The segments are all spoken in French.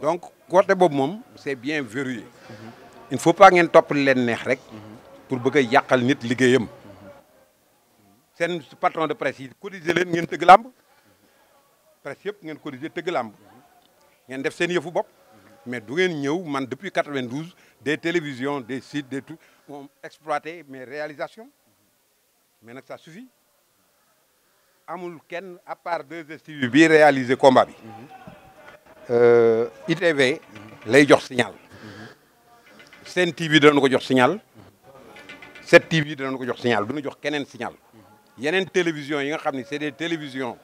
donc côté c'est bien verrouillé il ne faut pas que vous leen neex rek pour bëgg a nit C'est un patron de presse yi les leen presse gens def mais depuis 1992, des télévisions des sites des tout ont exploité mes réalisations mais ça suffit amul à part deux bi le combat euh, ITV lay jox signal Sen TV dañ ko jox signal cette tv dañ ko jox signal duñu jox kenen signal yenen télévision yi nga xamni c'est des télévisions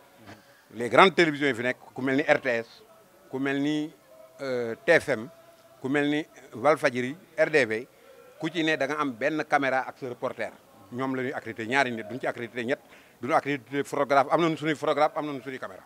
les grandes télévisions fi nek ku melni RTS ku melni euh, TFM ku melni ni Walfadjri RDV ku ci ne da nga am ben caméra ak sa reporter ñom lañuy accrédité ñaari nit duñ ci accrédité ñet duñu accrédité photographe amna nañu suñuy photographe am nañu suñuy caméra